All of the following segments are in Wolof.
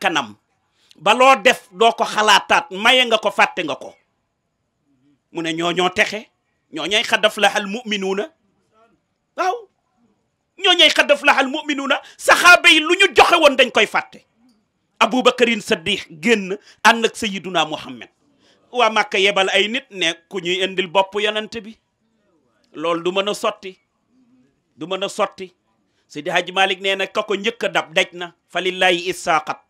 kanam baloo def doo ko xalaataat maye nga ko fàtte nga ko mu ne ñoo ñoo texe ñoo ñay xadaf laxal muminuuna waaw ñoo ñay xadaf laxal muminuuna saxaaba yi lu ñu joxe woon dañ koy fàtte aboubacarin saddiq génn ànd ak sayiduna muhammad waa màkka yebal ay nit ne ku ñuy indil bopp yonent bi loolu du mën a sotti du mën a sotti Seydi Hadji Malick nee na ka ko njëkk a dab daj na fa lillahi isaqat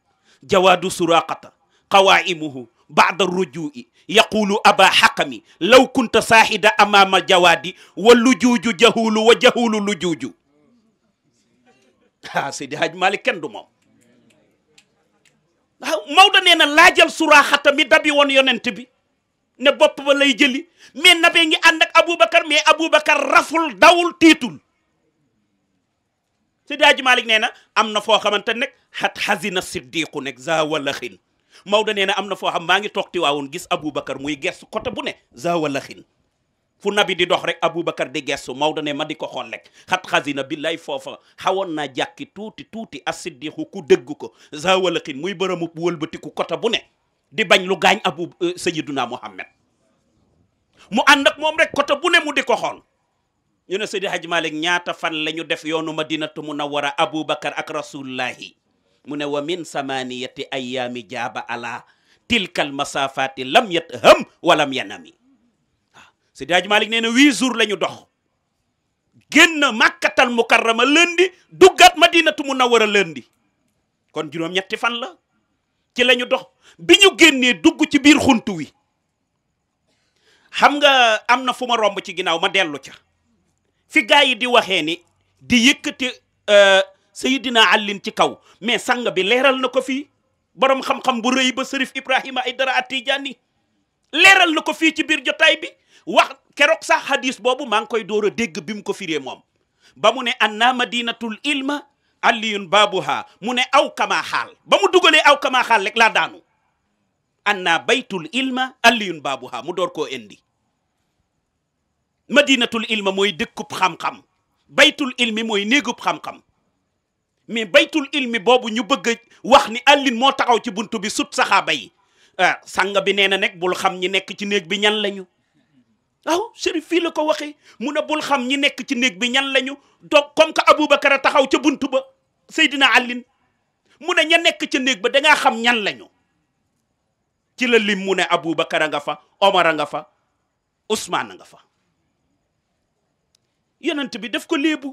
jawaadu suraqata qawaa'imuhu baada rujuu'i yaqulu aba xaqami law kunta saaxida amaama jawaadi wa lujuuju jahuulu wa jahuulu lujuuju Haj Malik kenn du moom waaw Maodo nee na laajal suraaxata mi dabi woon yonent bi ne bopp ba lay jëli mais nabee ngi ànd ak Aboubacar raful dawul tiitul si daaji Malick nee na am na foo xamante ne xat xasina siddiqu nekk zawala xin Maodo nee am na foo xam maa ngi toog Tiwaawoon gis Aboubacar muy gestu côté bu ne zawala xin fu nabi di dox rek Aboubacar di gestu Maodo ne ma di ko xool rek xat xasina billay foofa xawoon naa jàkki tuuti tuuti as siddiqu ku dëgg ko zawala xin muy bërëmu wëlbatiku côté bu ne di bañ lu gaañ abu euh, sayiduna Muhammad mu ànd ak moom rek côté bu ne mu di ko xool ñu ne Seydi Hadji Malick ñaata fan lañu def yoonu madinatu munawwara abubakar ak rasulullahi mu ne wa min samaniyati ayyaami jaaba ala tilkal masafati lam yat ham walam yanami waaw Seydi Hadji Malick nee na huit jours la ñu dox génn màkkatal mukarrama lëndi duggaat madinatu munawwara lëndi kon juróom-ñetti fan la ci la dox bi ñu génnee dugg ci biir xuntu wi xam nga am na fu ma romb ci ginnaaw ma dellu ca fi gaa yi di waxee ni di yëkkati euh, Seydina Alioune ci kaw mais sang bi leeral na ko fi borom xam-xam bu rëy ba sërif Ibrahima Aïdara At-Tidjani leeral na ko fii ci biir jotaay bi wax keroog sax hadis boobu maa ngi koy door a dégg bi mu ko fi moom ba mu ne anna madinatul ilma aliyun baabuha mu ne aw kamaa xaal ba mu dugalee aw kamaa xaal rek laa daanu anna baytul ilma aliyun baabuha mu door koo indi madinatul ilma mooy dëkkub xam-xam baytul ilmi mooy néegub xam-xam mais baytul ilmi boobu ñu bëgg a wax ni àllin moo taxaw ci buntu bi sut saxaaba yi ah bi nee na nekk bul xam ñi nekk ci néeg bi ñan lañu waaw Chérif fii la ko waxee mu ne bul xam ñi nekk ci néeg bi ñan lañu donc comme que Aboubacar a taxaw ca buntu ba Seydina àllin mu ne ña nekk ca néeg ba danga xam ñan lañu ci la lim mu ne Aboubacar a nga fa Omar a nga fa Ousmane a nga fa yonent bi def ko léebu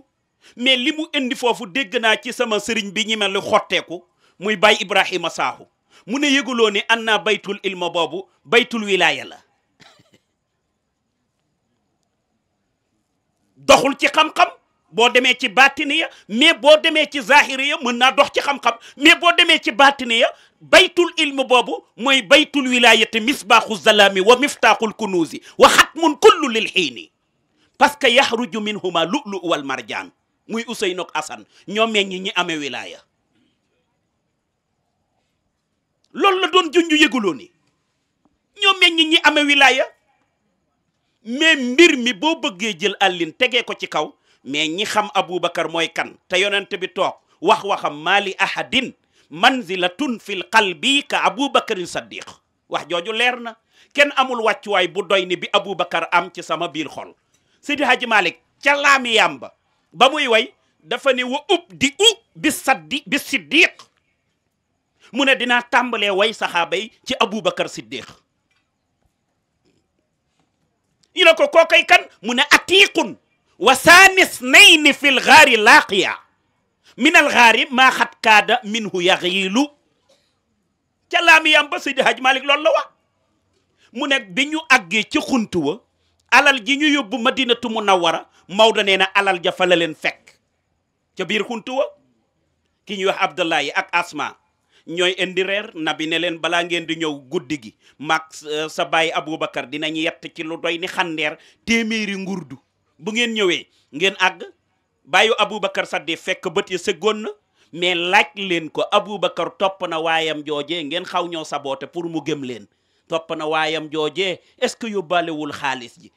mais li mu indi foofu dégg naa ci sama sëriñ bi ñi mel lu xotteeku muy Baye Ibrahima Saaxu mu ne yëguloo ne an naa baytul ilma boobu baytul wilaaya la doxul ci xam-xam boo demee ci baatini ya mais boo demee ci zahiri ya mën naa dox ci xam-xam mais boo demee ci baatini ya baytul ilm boobu mooy baytul wilaayati misbaaxu zalaami wa miftaaxul kunuuzi wa xatmun kullu lil xiini parce que yaxruju minhuma lu'lu wal marjaan muy Ousseynou ak ñoo meññ ñi amee wilaaya loolu la doon junj yëguloo ni ñoo meññ ñi ame wilaaya mais mbir mi boo bëggee jël àllin tegee ko ci kaw mais ñi xam Aboubacar mooy kan te yonent bi toog wax waxam maali ahadin manzilatun fil qalbi ka Aboubacarin Saddiq wax jooju leer na kenn amul wàccuwaay bu doy bi Aboubacar am ci sama biir xol. Seydi Hadji Malick ca laami yamba ba muy way dafa ne wa ub u bi siddiq mu ne dinaa tàmbalee way saxaaba yi ci aboubacar siddiq ñu ko koo kan mu ne atiqun wa saanis nayni fi lgaari laaqiya min algaari maa xat kaada minhu yaxiilu ca laami yamba Seydi Hadji Malick loolu la wax mu bi ñu àggee ci xuntu wa alal ji ñu yóbbu madinatu munawwara Maodo nee na alal ja fa la leen fekk ca biir xuntuwa ki ñuy wax Abdullahi ak Asma ñooy indi reer nabi ne leen balaa ngeen di ñëw guddi gi maag euh, sa baay Aboubacar dinañ yett ci lu doy ni xandeer téeméeri ngurdu bu ngeen ñëwee ngeen àgg bàyyu Aboubacar Saddi fekk bët yi sëggoon na mais laaj leen ko Aboubacar topp na waayam jooje ngeen xaw ñoo saboote pour mu gëm leen topp na waayam jooje est-ce que yóbbaalewul xaalis ji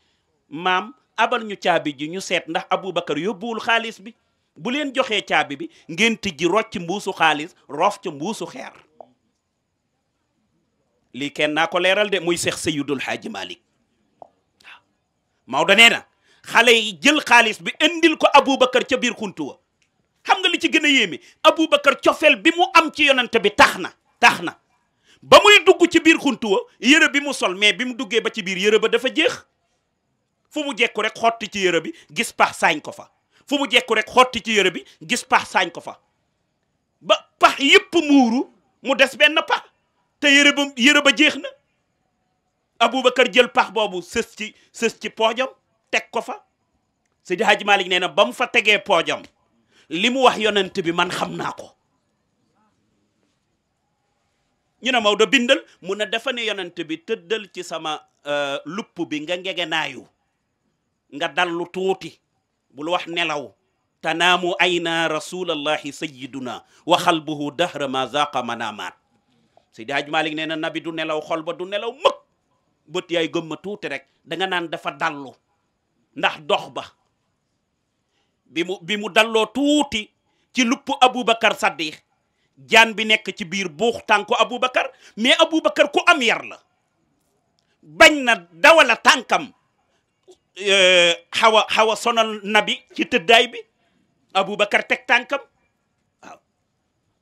maam abal ñu caabi ji ñu seet ndax Aboubacar yóbbuwul xaalis bi bu leen joxee caabi bi ngeen tijji rocc mbuusu xaalis roof ca mbuusu xeer lii kenn naa ko leeral de muy Seex Seydul Xaaji Malik waaw Maodo nee na xale jël xaalis bi indil ko Aboubacar ca biir xuntu wa xam nga li ci gën a yéeme Aboubacar cofeel bi mu am ci yonent bi tax na tax na ba muy dugg ci biir xuntuwa yëre bi mu sol mais bi mu duggee ba ci biir yëre ba dafa jeex fu mu jekku rek xotti ci yëre bi gis pax saañ ko fa fu mu jekku rek xotti ci yëre bi gis pax saañ ko fa ba pax yépp muuru mu des benn pax te yëre ba yëre ba jeex na Aboubacar jël pax boobu sës ci sës ci poojam teg ko fa Seydi Hadji Malick nee na ba mu fa tegee poojam li mu wax yonent bi man xam naa ko ñu ne Maodo bindal mu ne dafa ne yonent bi tëddal ci sama euh, lupp bi nga ngegenaayu nga dallu tuuti bul wax nelaw tanaamu ayna rasulallahi sayiduna wa xalbuhu dahra ma zaqa manamaat Seydi Haj Malik nee na nabi du nelaw xol ba du nelaw mëg bët yaay gëmma tuuti rek danga naan dafa dallu ndax dox ba bi mu bi tuuti ci lupp Aboubacar Saddiq jaan bi nekk ci biir buux tànku Aboubacar mais Aboubacar ku am yar la bañ na dawala tànkam euh, xaw a xaw a sonal nabi ci tëddaay bi Aboubacar teg tànkam waaw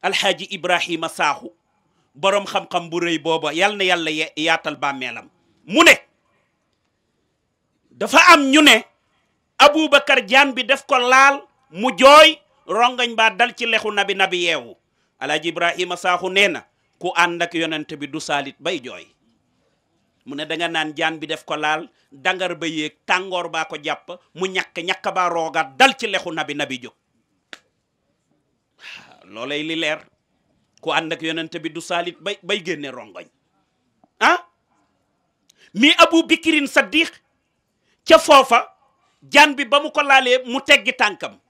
alxaaji Ibrahima Saaxu boroom xam-xam bu rëy booba yal na yàlla yaatal bàmmeelam mu ne dafa am ñu ne abubakar jaan bi def ko laal mu jooy rongañ baa dal ci lexu nabi nabi yeewu alaaji ibrahima saaxu nee na ku ànd ak bi du salit bay jooy mu ne danga naan jaan bi def ko laal dangar ba yéeg tàngoor baa ko jàpp mu ñàkk ñàkk baa roogaat dal ci lexu nabi nabi jóg loolay li leer ku ànd ak bi du salit bay bay génne rongoñ ah mi abu bikirin saddiq ca foofa jaan bi ba mu ko laalee mu teggi tànkam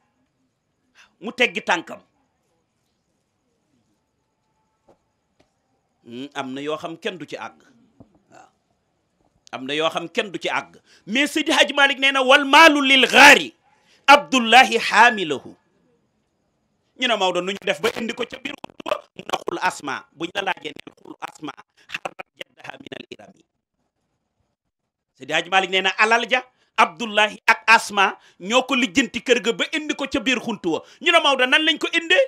mu teggi tànkam Mm, am na yoo xam kenn du ci àgg am na yoo xam kenn du ci àgg mais Seydi Hadj Malick nee na wal maalu lil gaari abdullahi xaamilahu ñu ne Maodo nu ñu def ba indi ko ca biir mu na xul asma buñ la laajee neel xul na alal ja abdullahi ak asma ñoo ko lijjanti kër ga ba indi ko ca biir xuntu wa ñu ne Maodo nan lañ ko indee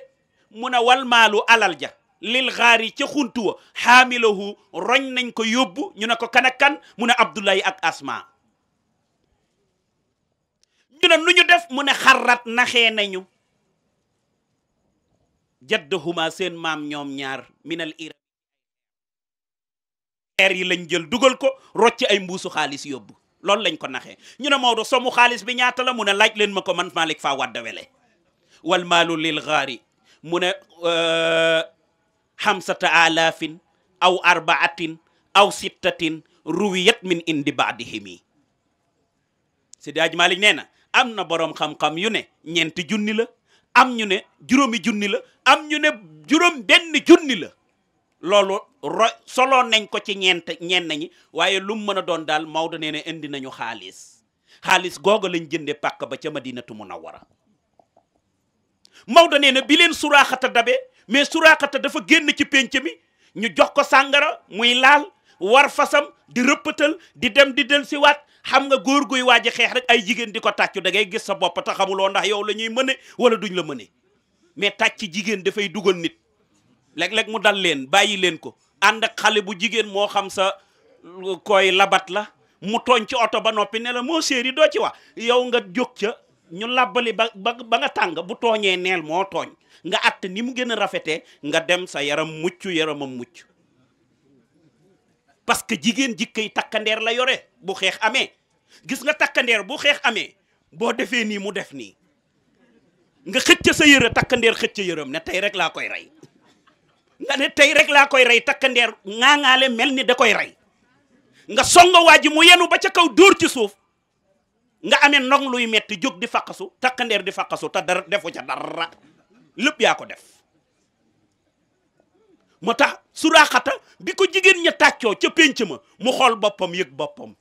mu ne wal maalu alal ja lil xaari ca xuntu wa xaamilahu roñ nañ ko yóbbu ñu ne ko kan kan mu ne abdullahi ak asma ñu ne nu ñu def mu ne xarrat naxee nañu jaddahuma seen maam ñoom ñaar minal ira xeer yi lañ jël dugal ko rocc ay mbuusu xaalis yóbbu loolu lañ ko naxee ñu ne Maodo somu xaalis bi ñaata la mu ne laaj leen ma ko man Malick Fa Wadda Wele wal maalu lil xaari mu ne euh, xamsata alaafin aw arbaatin aw sittatin ruwiyat min indi baadihimi Seydi Hadji Malick nee na am na boroom xam-xam yu ne ñeenti junni la am ñu ne juróomi junni la am ñu ne juróom benn junni la loolu ro soloon nañ ko ci ñeent ñenn ñi waaye lu mu mën a doon daal Maodo nee na indi nañu xaalis xaalis googa lañ jënde pàkk ba ca Madinatu Munawwara Maodo nee na bi leen suraaxata dabe mais Suraaxata dafa génn ci pénc mi ñu jox ko sàngara muy laal war fasam di rëppatal di dem di del siwaat xam nga góor guy waaj a xeex rek ay jigéen di ko tàccu da ngay gis sa bopp te xamuloo ndax yow lañuy ñuy mëne wala duñ la mëne mais tàcc jigéen dafay dugal nit léeg-léeg mu dal leen bàyyi leen ko ànd ak xale bu jigéen moo xam sa koy labat la mu tooñ ci oto ba noppi ne la moo séeri doo ci wax yow nga jóg ca ñu labbali ba ba ba nga tàng bu tooñee neel moo tooñ nga att ni mu génn a rafetee nga dem sa yaram mucc yaramam mucc parce que jigéen jikkay takkandeer la yore bu xeex amee gis nga takkandeer bu xeex amee boo defee nii mu def nii nga xëcc sa yëre takkandeer xëcc yëram na tey rek laa koy rey nga ne tey rek laa koy rey takkandeer ŋaaŋaale mel ni da koy rey nga songo waa ji mu yenu ba ca kaw dóor ci suuf nga amee ndong luy metti jóg di faqasu takkandeer di faqasu ta dara defu ca dara lépp yaa ko def moo tax suraaxata bi ko jigéen ña tàccoo ca pénc ma mu xool boppam yëg boppam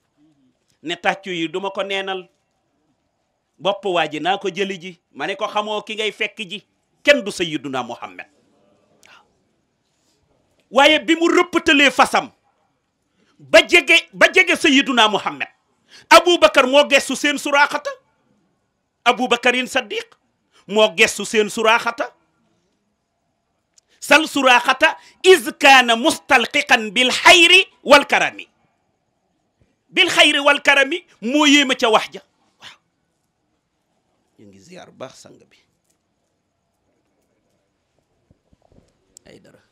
ne yi duma ko neenal bopp waa ji naa ko jëli ji ma ne ko xamoo ki ngay fekk ji kenn du sayyiduna Muhammad waaye bi mu rëppatalee fasam ba jege ba jege sayyiduna Muhammad Aboubacar moo gestu seen suraaxata Aboubacar yin Saddiq moo gestu seen suraaxata sal suraaxata iz kaana mustalqiqan bil xayri wal karami bil xayri wal karami moo yéema ca wax ja waaw ñu ngi ziar baax sang bi ay dara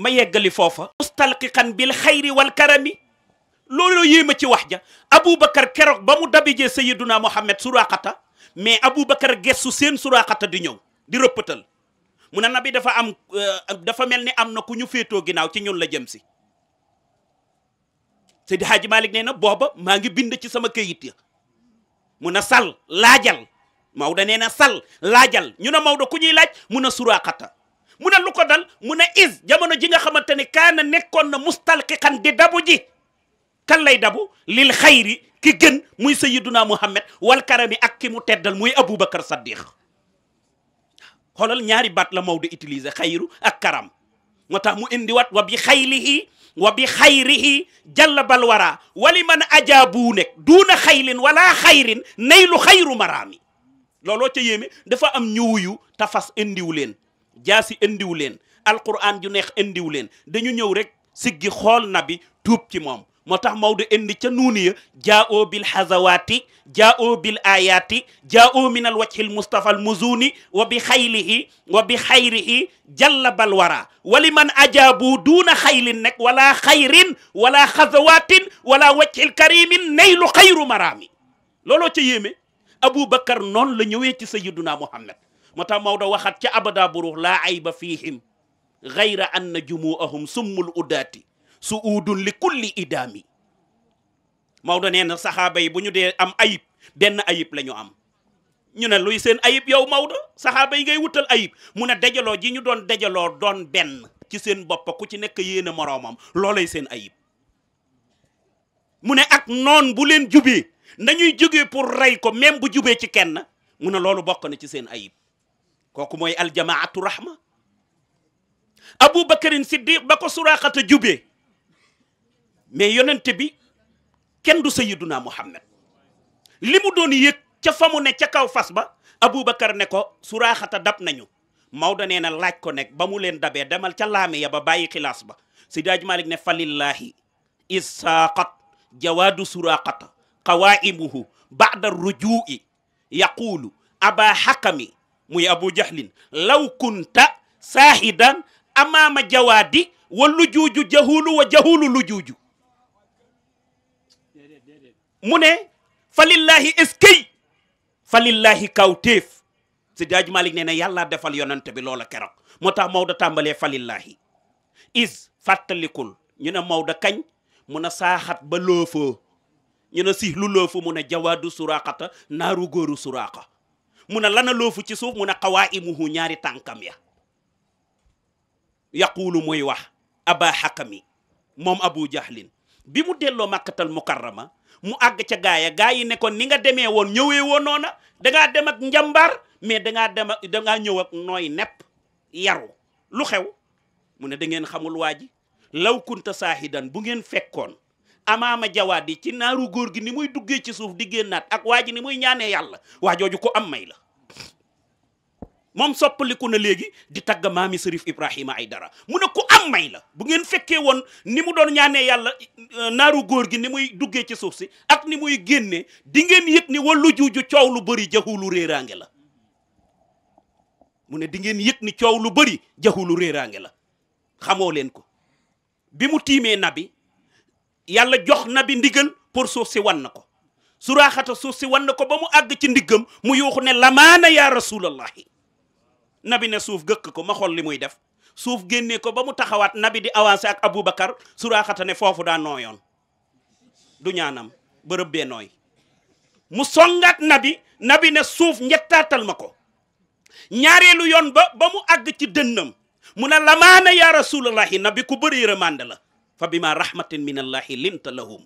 ma yeggali foofa mustalqiqan bil xayri wal karami loolu yéema ci wax ja aboubacar keroog ba mu dabijee sayiduna mouhammad suraqata mais aboubacar gestu seen suraqata di ñëw di rëppatal mu ne nabi dafa am euh, dafa mel ni am na ku ñu féetoo ginnaaw ci ñun la jëm si Seydi Hadji Malick na booba maa ngi bind ci sama këyit ya mu sal laajal Maodo nee na sal laajal ñu ne Maodo ku ñuy laaj mu ne suraqata mu ne lu ko dal mu ne is jamono ji nga xamante ni kaana nekkoon na mustalqiqan di dabu ji kan lay dabu lil xayri ki gën muy sayiduna muhammad wal karami ak ki mu teddal muy aboubacar saddiq xoolal ñaari baat la Maodo utilise xayru ak karam moo tax mu indiwaat wa bi xaylihi wa bi xayrihi jalla balwara wali man ajaabu nekk duuna xaylin wala xayrin naylu xayru maraami looloo ca yéeme dafa am ñëwuyu tafas indiwu leen jaasi indiwu leen alquran ju neex indiwu leen dañu ñëw rek siggi xool nabi tuub ci moom moo tax Maodo indi ca nuuni ya jaa oo bil xazawaati jaa oo bil ayaati jaa oo min al wajhil mustafa al muzuni wa bi xaylihi wa bi xayrihi jalla bal wara wali man ajaabu duuna xaylin nag wala xayrin wala xazawaatin wala wajhil karimin naylu xayru maraami looloo ca yéeme Aboubacar noonu la ñëwee ci sayyiduna Muhammad moo tax Maodo waxat ca abada buruux laa ayba fihim gayra anna jumuahum summul udaati suudun li kulli idaami Maodo nee na saxaaba yi bu ñu dee am ayib benn ayib la ñu am ñu ne luy seen ayib yow Maodo saxaaba yi ngay wutal ayib mu ne dajaloo ji ñu doon dajaloo doon benn ci seen bopp ku ci nekk yéene moroomam loolay seen ayib mu ne ak noon bu leen jubee nañuy jógee pour rey ko même bu jubee ci kenn mu ne loolu bokk na ci seen ayib kooku mooy aljamaatu rahma abu siddiq ba ko suraaxata jube mais yonente bi kenn du sayiduna muhammad li mu doon yëg ca famu ne ca kaw fas ba aboubacar ne ko suraaxata dab nañu Maodo nee na laaj ko nekk ba mu leen dabee demal ca laame ya ba bàyyi xilaas ba si daaj malik ne falillahi issaaqat jawaadu suraaxata qawaimuhu baada rujui yaquulu aba hakami muy abu jahlin law kunta saahidan amaama jawaadi wa lujuuju jahulu wa jahulu lujuuju mu ne fa lillahi eskey fa lillahi kawtéef si daaj malik nee na yàlla defal yonante bi loola keroog moo tax Maodo tàmbalee fa lillahi is fàttalikul ñu ne Maodo kañ mun a saaxat ba loofoo ñu ne sihlu loofu mun a jawaadu suraqata naaru góoru suraqa mun a lana loofu ci suuf mun a xawaa'imuhu ñaari tànkam ya yaquulu muy wax aba xakami moom abu jahlin bi mu delloo màkkatal mukarrama mu àgg ca gaaya gaa yi ne ko ni nga demee woon ñëwee woon noona dangaa dem ak njambaar mais dangaa ñëw ak nooy nepp yaru lu xew mu ne da ngeen xamul waa ji law kunta saahidan bu ngeen fekkoon amaama jawaat yi ci naaru góor gi ni muy duggee ci suuf di génnaat ak waa ji ni muy ñaanee yàlla waa jooju ko am may la moom soppaliku na léegi di tagg maami Serif Ibrahima Aidara mu ne ku am may la bu ngeen fekkee woon ni mu doon ñaanee yàlla euh, naaru góor gi ni muy duggee ci suuf si ak ni muy génnee di ngeen yëg ni wallu juuju coow lu bari bëri jaxulu réeraange la mu ne di ngeen yëg ni coow lu bëri jaxulu réeraange la xamoo leen ko bi mu tiimee nabi yàlla jox nabi ndigal pour suuf si wan na ko suraaxata suuf si wan na ko ba mu àgg ci ndiggam mu yuuxu ne lamaana yaa rasulallahi nabi ne suuf gëkk ko ma xool li muy def suuf génnee ko ba mu taxawaat nabi di avancé ak aboubacar suraaxata ne foofu daa nooyoon du ñaanam bërëb bee nooy mu songaat nabi nabi ne suuf njettaatal ma ko ñaareelu yoon ba ba mu àgg ci dënnam mu ne lamaana yaa rasulallahi nabi ku bëri yërmande la fa bima rahmatin min allahi linta lahum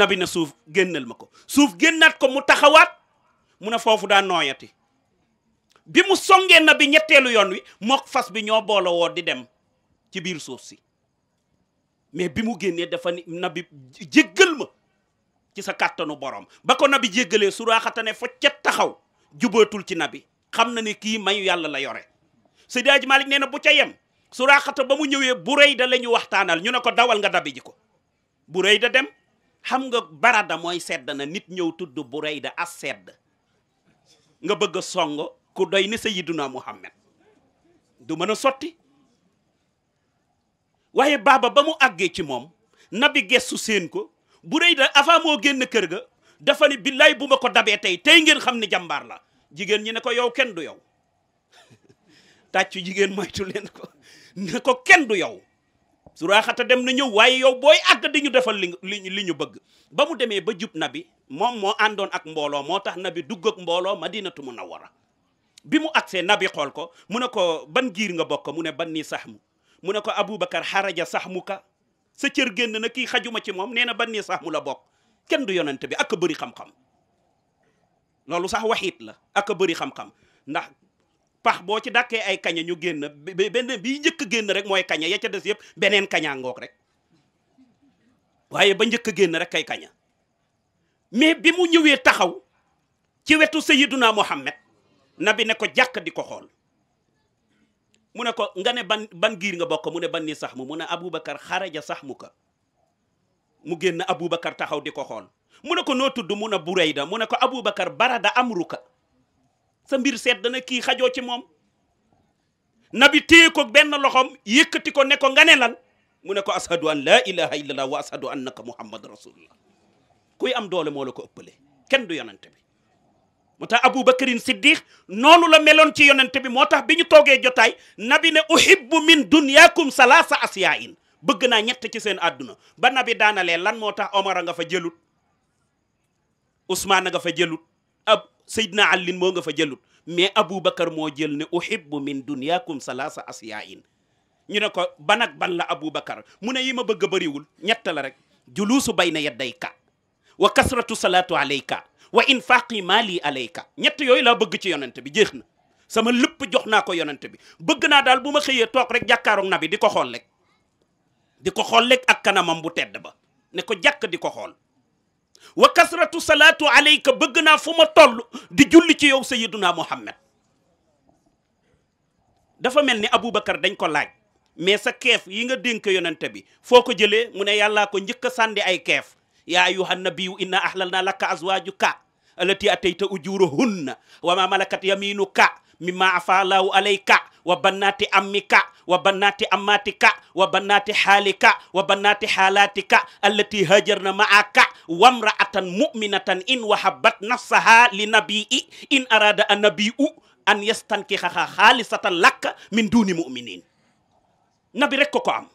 nabi na suuf génnal ma ko suuf génnaat ko mu taxawaat mu ne foofu daa nooyati bi mu songee na bi ñetteelu yoon wi moo fas bi ñoo boole woo di dem ci biir suuf si mais bi mu génnee dafa nabi jéggal ma ci sa kàttanu borom ba ko nabi jéggalee suraaxata ne fa cet taxaw jubatul ci nabi xam na ne kii mayu yàlla la yore Seydi Hadji Malick nee na bu ca yem suraaxata ba mu ñëwee burayda la ñu waxtaanal ñu ne ko dawal nga dabi ji ko burayda dem xam nga barada mooy sedd na nit ñëw tudd burayda as sedd nga bëgg a song ku doy ni sayyiduna muhammad du mën a sotti waaye baaba ba mu àggee ci moom nabi gestu seen ko burayda avant moo génn kër ga dafa ni billaay bu ma ko dabee tey tey ngeen xam ne jàmbaar la jigéen ñi ne ko yow kenn du yow tàccu jigéen moytu leen ko ne ko kenn du yow suraaxata dem na ñëw waaye yow booy àgg di ñu defal li li ñu bëgg ba mu demee ba jub nabi moom moo àndoon ak mbooloo moo tax nabi dugg ak mbooloo na munawwara bi mu agsee nabi xool ko mu ne ko ban giir nga bokk mu ne ban nii sax mu mu ne ko aboubacar xaraja sax mu ka sa cër génn na kii xajuma ci moom nee na ban nii sax mu la bokk kenn du yonent bi ak bëri xam-xam loolu sax waxit la ak bëri xam-xam ndax pax boo ci dàkkee ay kaña ñu génn benn bii njëkk génn rek mooy kaña ya ca des yëpp beneen kañaa ngoog rek waaye ba njëkk génn rek ay kaña mais bi mu ñëwee taxaw ci wetu sayiduna Muhammad nabi ne ko jàkk di ko xool mu ne ko nga ne ban ban giir nga bokk mu ne ban ni sax mu mu ne Aboubacar xaraja sax mu ka mu génn Aboubacar taxaw di ko xool mu ne ko noo tudd mu ne Burayda mu ne ko Aboubacar barada ka sa mbir seet dana kii xajoo ci moom nabi téye ko benn loxoom yëkkati ko ne ko nga ne lan mu ne ko ashadu an laa ilaha illallah wa ashadu annaka muhammad rasulullah kuy am doole moo la ko ëppale kenn du yonente bi moo tax aboubacarin siddiq noonu la meloon ci yonente bi moo tax bi ñu toogee jotaay nabi ne uhibbu min dunyakum salaasa asiyaain bëgg naa ñett ci seen àdduna ba nabi daanalee lan moo tax omar a nga fa jëlut ousmane a nga fa jëlut Seydina Ali moo nga fa jëlut mais Aboubacar moo jël ne uhibbu min dunyakum salaasa asiyaain ñu ne ko ban ban la Aboubacar mu ne yi ma bëgg a bëriwul ñett la rek juluusu bayna yaddayka wa kasratu salaatu alayka wa infaqi mali alayka ñett yooyu laa bëgg ci yonent bi jeex na sama lépp jox naa ko yonent bi bëgg naa daal bu ma xëyee toog rek jàkkaaroog na bi di ko xool rek di ko xool lek ak kanamam bu tedd ba ne ko jàkk di ko xool wa kasratu salaatu alayka bëgg naa fu ma toll di julli ci yow sayyiduna muhammad dafa mel ni abubakar dañ ko laaj mais sa keef yi nga dénk yonente bi foo ko jëlee mu ne yàllaa ko njëkk a sàndi ay keef yaa ayuha nabiyu inna ahlal na lakka azwajuka allati atayta ujurahunna wa ma malakat yaminuka mimma afalaahu alayka wa bannaati ammika wa bannaati ammatika wa bannaati xaalika wa bannaati xaalaatika allati hajarna maaka wamraatan muminatan in wahabat nafsaha li nabii in arada a nabiu an yastankixaha xaalisatan lakk min duni muminin nabi rek ko am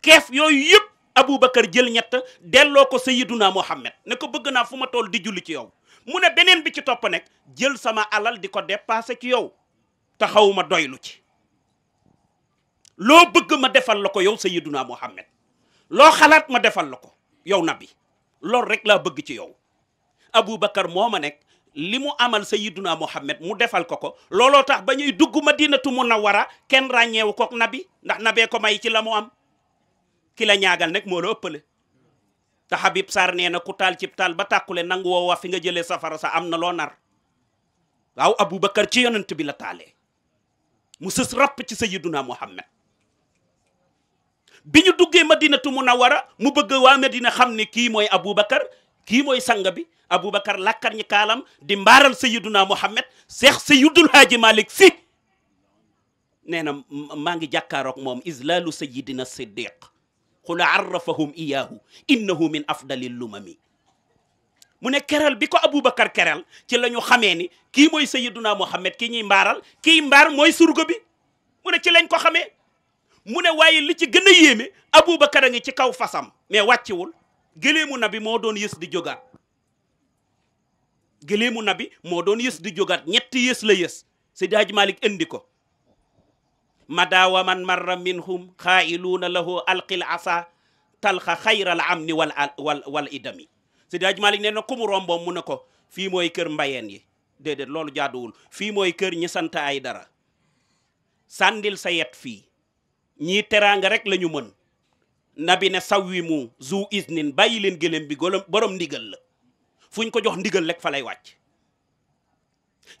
keef yooyu yëpp aboubacar jël ñett delloo ko sayiduna muhammad ne ko bëgg naa fu ma tool di julli ci yow mu ne beneen bi ci topp nekk jël sama alal di ko dépassé ci yow taxaw ma doylu ci loo bëgg ma defal la ko yow sa sayyiduna Muhammad loo xalaat ma defal la ko yow nabi loolu rek laa bëgg ci yow Aboubacar moo ma nekk li mu amal sa sayyiduna Muhammad mu defal ko ko looloo tax ba ñuy dugg ma Madinatu Munawwara kenn ràññeewu kook nabi ndax nabee ko may ci la mu am ki la ñaagal nag moo la ëppale te Habib Sarr nee na ku taal cib taal ba tàkkule nangu woo fi nga jëlee safara sa am na loo nar waaw Aboubacar ci yoonant bi la taalee mu sës rapp ci sayyiduna muhammad bi ñu duggee madinatu munawwara mu bëgg waa madina xam ne kii mooy aboubacar kii mooy sang bi aboubacar lakkar ñi kaalam di mbaaral sayyiduna muhammad seex sayyidul haaji malik si nee na maa ngi jàkkaaroog moom islaalu sayyidina siddiq qul arrafahum iyahu innahu min afdalil lumami mu ne keral bi ko Aboubacar keral ci la ñu xamee ni kii mooy Sayyiduna Muhammad ki ñuy mbaaral kii mbaar mooy surga bi mu ne ci lañ ko xamee mu ne waaye li ci gën a yéeme Aboubacar a ngi ci kaw fasam mais wàcciwul gëleemu nabi moo doon yës di jógaat gëleemu nabi moo doon yës di jógaat ñetti yës la yës Seydi Hadj Malick indi ko madaawa man marra minhum xaa'iluuna lahu alqil asa talxa xayral amni wal wal wal idami Seydi Hadji Malick nee na ku mu romboon mu ne ko fii mooy kër mbayeen yi déedéet loolu jaaduwul fii mooy kër ñi sant ay dara sàndil sa yet fii ñii teraanga rek lañu mën mën nabi ne wi mu zu isnin bàyyi leen gëléem bi golom borom ndigal la fu ñu ko jox ndigal rek fa lay wàcc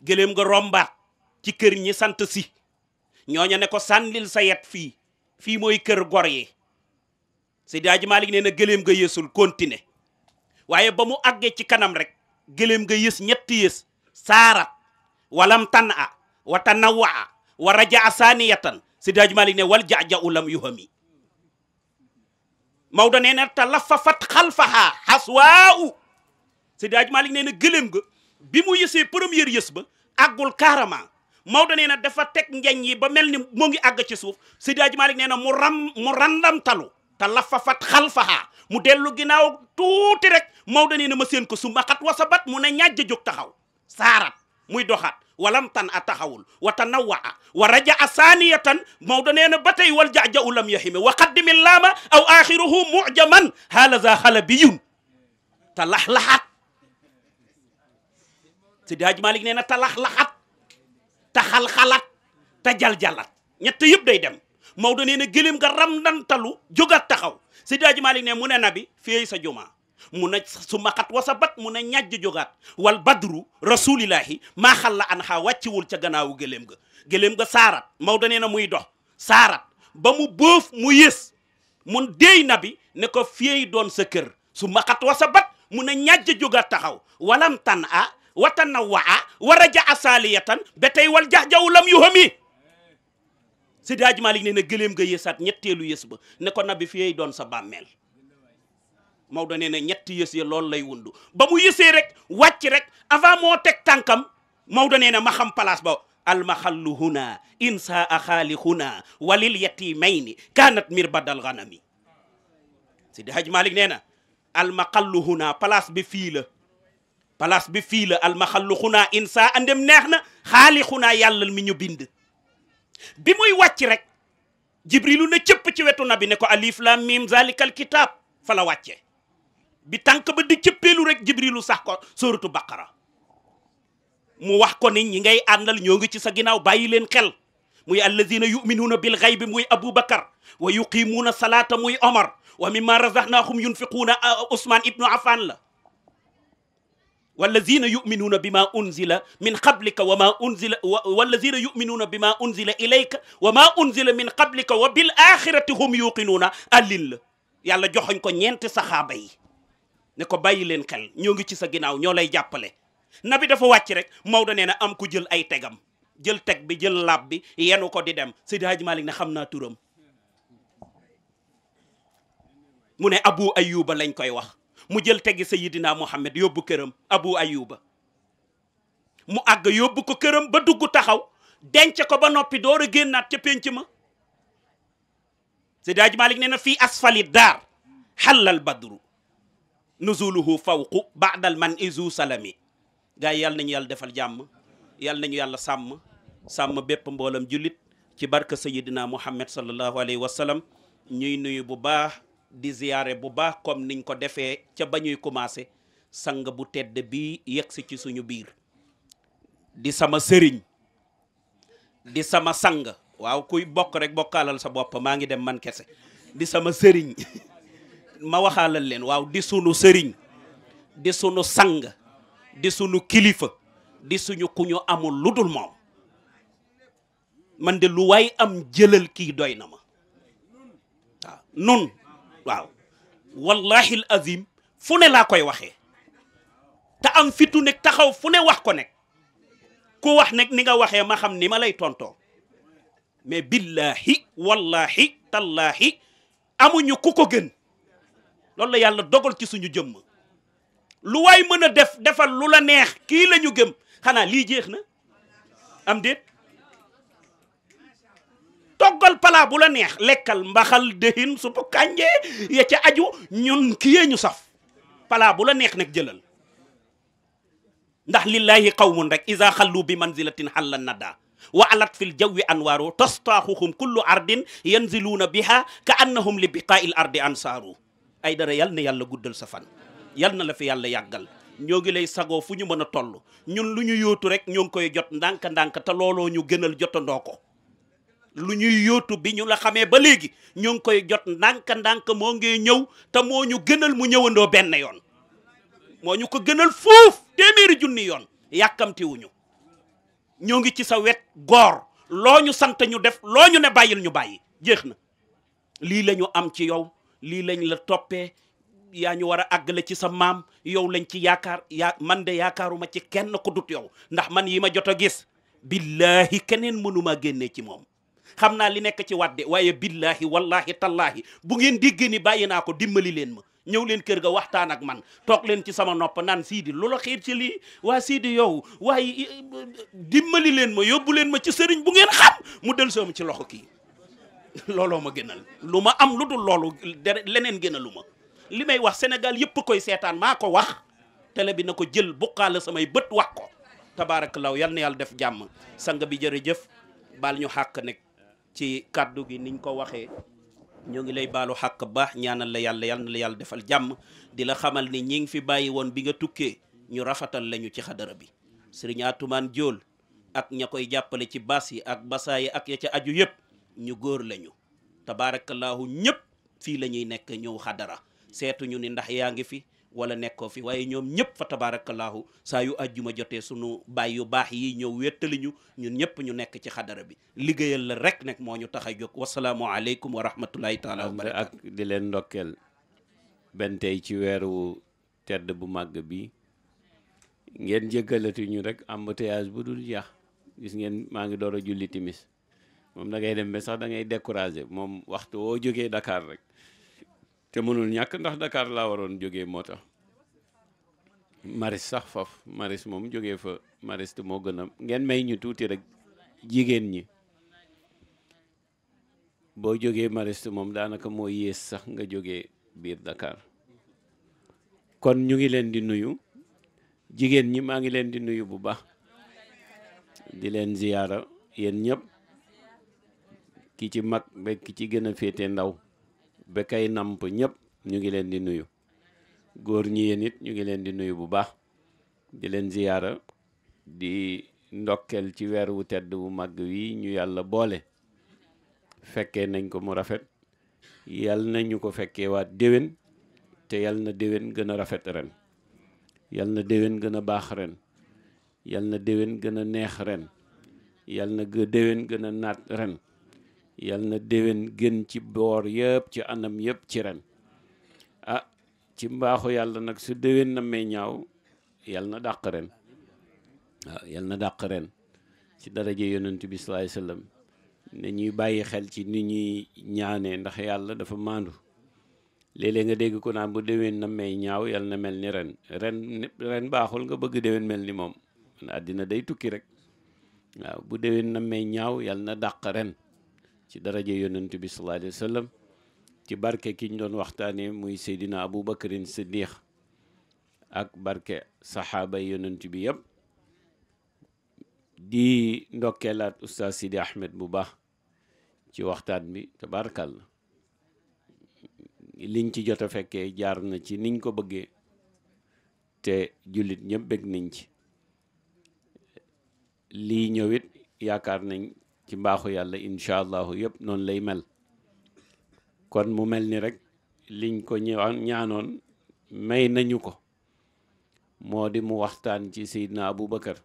gëléem nga rombaat ci kër ñi sant si ñooña ne ko sànnil sa yet fii fii mooy kër gor yi Seydi Hadji Malick nee na gëléem nga yeesul continuer waaye ba mu àggee ci kanam rek gëléem nga yës ñetti yës saarat walam tan a wa tanawaa wa rajaa saaniyatan si daaj malik ne wal jaajau lam yuhami Maodo nee na te lafafat xalfahaa xaswaawu si daaj malik nee na gëléem nga bi mu yësee première yës ba àggul carrément Maodo nee na dafa teg njañ yi ba mel ni mu ngi àgg ci suuf si daaj malik mu ram mu randamtalu te lafafat xalfaha mu dellu ginnaaw tuuti rek Maodo nee na ma seen ko su ma xat wasabat mu ne ñàjj jóg taxaw saarat muy doxaat walam tan a taxawul wa tanawaa wa rajaa saaniyatan Maodo nee na ba tey wal jajau lam yahime wa qaddimi laama aw axiruhu mujaman haalaza xalabiyun te laxlaxat Seydi Hadji Malick nee na te laxlaxat te xalxalat te jaljalat ñett yëpp day dem Maodo nee na gëléem nga ram nantalu jógat taxaw Seydi Hadji Malick ne mu ne nabi fii sa juma mu ne su maxat wasa bat mu ne ñàjj jogaat wal badru rasulillahi maaxal la an xaa wàcciwul ca gannaawu gëléem ga gëléem ga saarat Maodo na muy do saarat ba mu boof mu yées mun deey nabi ne ko fii doon sa kër su maxat wasa bat mu ne ñàjj jógaat taxaw walam tan a watan na waa war a ja asaliyatan ba tey wal jax jaw lam yu xam Seydi Hadji Malick nee na gëléem nga yësaat ñetteelu yës ba ne ko nabi fiyey doon sa bàmmeel Maodo nee ñetti yës ya loolu lay wundu ba mu yësee rek wàcc rek avant moo teg tànkam Maodo nee na ma xam place ba almahallu huna insa a xaali huna walil yatimayni kanat mir badal ganami Seydi Hadji Malick nee na almahallu huna place bi fii la place bi fii la almahallu huna insa andem neex na xaali huna yàllal mi ñu bind bi muy wàcc rek jibrilu ne cëpp ci wetu nabi ne ko alif lam mim zalikal kitab fa la wàcce bi tànk ba di cëppeelu rek jibrilu sax ko sóoratu baqara mu wax ko ni ñi ngay àndal ñoo ngi ci sa ginnaaw bàyyi leen xel muy allazina yuminuuna bil xaybi muy aboubacar wa yuqimuuna salaata muy omar wa mimma razaqnahum yunfiquuna ousmane ibnu afan la wallazina bi bima unzila min qablika wa ma unzila wallazina yuminuuna bima unzila ilayka wa ma unzila min qablika wa bil axirati hum yuqinuuna allin la yàlla joxoñ ko ñeenti saxaaba yi ne ko bàyyi leen xel ñoo ngi ci sa ginnaaw ñoo lay jàppale nabi dafa wàcc rek Maodo nee am ku jël ay tegam jël teg bi jël laab bi yenu ko di dem Seydi Hadji Malick ne xam naa turam mu ne Abu Ayyuba lañ koy wax mu jël tegi sayidina Muhammad yóbbu këram Abu Ayuba mu àgg yóbbu ko këram ba dugg taxaw denc ko ba noppi door a génnaat ca pénc ma Seydi Hadji Malick nee na fii asfali daar xallal badru nuzuluhu fawqu baadal man izu salami gars yi yàlla nañu yàlla defal jàmm yàlla nañu yàlla sàmm sàmm bépp mboolam julit ci barka sayidina Muhammad sallallahu alayhi wa sallam ñuy nuyu bu baax di ziyaare bu baax comme niñ ko defee ca ba ñuy commencé sang bu tedd bi yegsi ci suñu biir di sama sëriñ di sama sang waaw kuy bokk rek bokkaalal sa bopp maa ngi dem man kese di sama sëriñ ma waxaalal leen waaw di sunu sëriñ di sunu sang di sunu kilifa di suñu ku ñu amul lu dul moom man de lu waay am jëlal kii doy na ma waaw nun waaw wallahi al azim fu ne laa koy waxee te am fitu nekk taxaw fu ne wax ko nekk ku wax nekk ni nga waxee ma xam ni ma lay tontoo mais billahi wallahi tallahi amuñu ku ko gën loolu la yàlla dogal ci suñu jëmm lu waay mën a def defal lu la neex kii lañu ñu gëm xanaa lii jeex na am déet toggal palaa bu la neex lekkal mbaxal dëhin suppu kànje ya ca aju ñun kiyee ñu saf palaa bu la neex nag jëlal ndax lillahi qawmun rek isa xallu bi manzilatin xalla nadda wa alat fil jawwi anwaaru tastaaxuhum kullu ardin yanziluuna biha ka annahum li biqaail ardi ansaaru ay dara yal na yàlla guddal sa fan yal na la fi yàlla yàggal ñoo ngi lay sagoo fu ñu mën a toll ñun lu ñu yootu rek ñoo ngi koy jot ndànk-ndànk te looloo ñu gënal jotandoo ko lu ñuy yóotu bi ñu la xamee ba léegi ñu ngi koy jot ndànk-ndànk moo ngi ñëw te moo ñu gënal mu ñëwandoo benn yoon moo ñu ko gënal foofu téeméeri junni yoon yàkkamtiwuñu ñoo ngi ci sa wet goor loo ñu sant ñu def loo ñu ne bàyyil ñu bàyyi jeex na lii lañu am ci yow lii lañ la toppee yaa ñu war a àggale ci sa maam yow lañ ci yaakaar yaa man de yaakaaruma ci kenn ku dut yow ndax man yi ma jot a gis billaahi keneen mënuma génnee ci moom xam naa li nekk ci wadde waaye billahi wallahi tallahi bu ngeen déggee ni bàyyi naa ko dimbali leen ma ñëw leen kër ga waxtaan ak man toog leen ci sama nopp naan siidi lu la xiir ci lii waa siidi yow waaye dimbali leen ma yóbbu leen ma ci sëriñ bu ngeen xam mu del soom ci loxo kii looloo ma gënal lu ma am lu dul loolu leneen gënalu ma li may wax Sénégal yëpp koy seetaan maa ko wax tele bi na ko jël buqaale samay bët wax ko law yal na yàlla def jàmm sang bi jërëjëf baal ñu ci kàddu gi niñ ko waxee ñoo ngi lay baalu xàq baax ñaanal la yàlla yal na la yàlla defal jàmm di la xamal ni ñi ngi fi bàyyi woon bi nga tukkee ñu rafatal lañu ci xadara bi sëriñ Atumaan Jool ak ña koy jàppale ci baas yi ak basaa ak ya ci aju yëpp ñu góor lañu tabaarakallaahu ñëpp fii la ñuy nekk ñëw xadara seetuñu ni ndax yaa ngi fi wala nekkoo fi waaye ñoom ñëpp fa tabaarakallaahu saa yu àjjuma jotee suñu baay yu baax yi ñëw wéttali ñu ñun ñëpp ñu nekk ci xadara bi liggéeyal la rek nag moo ñu tax a jóg wasalaamu aleykum wa rahmatullahi taala wa barakaatu ak di leen ndokkeel benn tey ci weeru tedd bu màgg bi ngeen jéggalati ñu rek embouteillage bu dul jeex gis ngeen maa ngi door a julli timis moom da ngay dem ba sax dangay ngay moom waxtu woo jógee Dakar rek te mënul ñàkk ndax dakaar laa waroon jóge moo tax maris sax faf maris moom jóge fa maris te moo gën a ngeen may ñu tuuti rek jigéen ñi boo jógee mariste moom daanaka moo yées sax nga jógee biir dakaar kon ñu ngi leen di nuyu jigéen ñi maa ngi leen di nuyu bu baax di leen ziyaara yéen ñépp ki ci mag ba ki ci gën a féete ndaw ba kay namp ñëpp ñu ngi leen di nuyu góor ñi yéen ñu ngi leen di nuyu bu baax di leen ziyaara di ndokkel ci weer wu tedd wu màgg wi ñu yàlla boole fekke nañ ko mu rafet yal ñu ko fekkee waat déwén te yal na déwén gën a rafet ren yal na déwén gën a baax ren yal na déwén gën a neex ren yal na déwén gën a naat ren yal na déwén gën ci boor yëpp ci anam yëpp ci ren ah ci mbaaxu yàlla nag su déwén na may ñaaw yal na dàq ren waaw ah, yal na dàq ren ci daraje yonent bi salaay ne ñuy bàyyi xel ci ni ñuy ñaane ndax yàlla dafa maandu léeg-léeg nga dégg ko naan bu déwén na ñaaw yal na mel ni ren ren ren baaxul nga bëgg dewen mel ni moom àddina day tukki rek waaw bu déwén na may ñaaw yal na dàq ren ci daraja yonent bi sallallahu alayhi wa sallam ci barke ki ñu doon waxtaanee muy Seydina Aboubacarin Siddiq ak barke saxaaba yonent bi yëpp di ndokkeelaat oustaz Ahmed bu baax ci waxtaan bi la liñ ci jot a fekkee jaar na ci niñ ko bëggee te jullit ñëpp bëgg nañ ci lii ñëwit yaakaar nañ ci mbaaxu yàlla incha allah yëpp noonu lay mel kon mu mel ni rek liñ ko ñëwaan ñaanoon may nañu ko moo di mu waxtaan ci seydina Aboubacar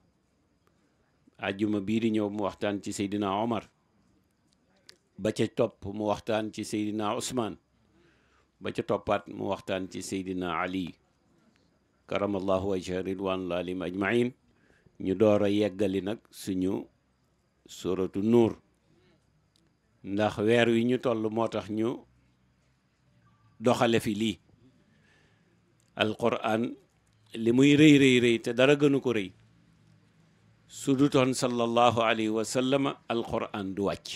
ajjuma bii di ñëw mu waxtaan ci seydina Omar ba ca topp mu waxtaan ci seydina Ousmane ba toppaat mu waxtaan ci seydina Ali karamallahu wajha ridwanul alim ajmain ñu door a yeggali nag suñu suratu nuur ndax weer wi ñu toll moo tax ñu doxale fi lii alquran li muy rëy rëy rëy te dara gënu ko rëy su dutoon sallallahu alayhi wa sallama du wàcc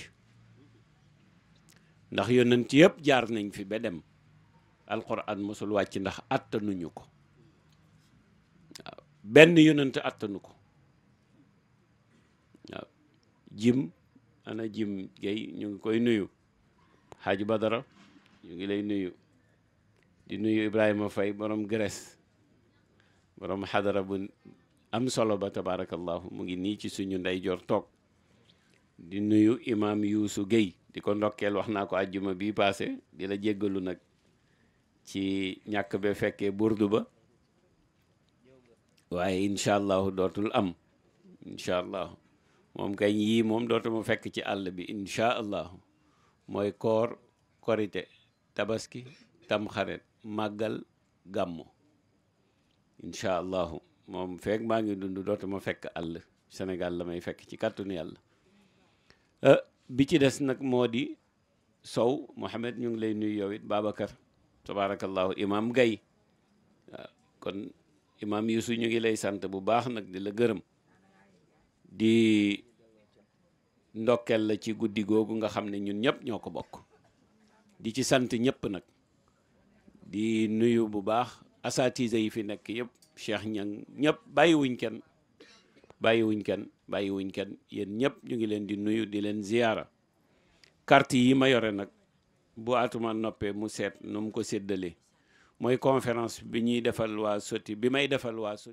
ndax yonent yëpp jaar nañ fi ba dem alquran mosul wàcc ndax attanuñu ko benn yonent àttanu ko jim ana jim gay ñu ngi koy nuyu xaaju badara ñu ngi lay nuyu di nuyu ibrahima fay boroom Grèce boroom xadara bu am solo ba tabarakallahu mu ngi nii ci suñu ndeyjoor toog di nuyu imaam yuusu géy di ko ndokkeel wax naa ko àjjuma bi paase di la jéggalu nag ci ñàkk ba fekkee burdu ba waaye incha allahu dootul am incha allahu moom kañ yii moom dootuma fekk ci àll bi incha allahu mooy koor korite tabaski tamxaret màggal gàmmu incha allahu moom feeg maa ngi dund dootuma fekk àll Sénégal la may fekk ci kàttanu yàlla eh, bi ci des nag moo di sow Mohamed ñu ngi lay nuyu yow it Babacar tabaarakallahu imam gay waaw kon imam Yuusu ñu ngi lay sant bu baax nag di la gërëm di ndokkeel la ci guddi googu nga xam ne ñun ñëpp ñoo ko bokk di ci sant ñëpp nag di nuyu bu baax asatise yi fi nekk yëpp Cheikh Ñang ñëpp bàyyiwuñ kenn bàyyiwuñ kenn bàyyiwuñ kenn yéen ñëpp ñu ngi leen di nuyu di leen ziyaara kart yi ma yore nag bu atuma noppee mu seet nu mu ko séddale mooy conférence bi ñuy defal waa soti bi may defal waa soti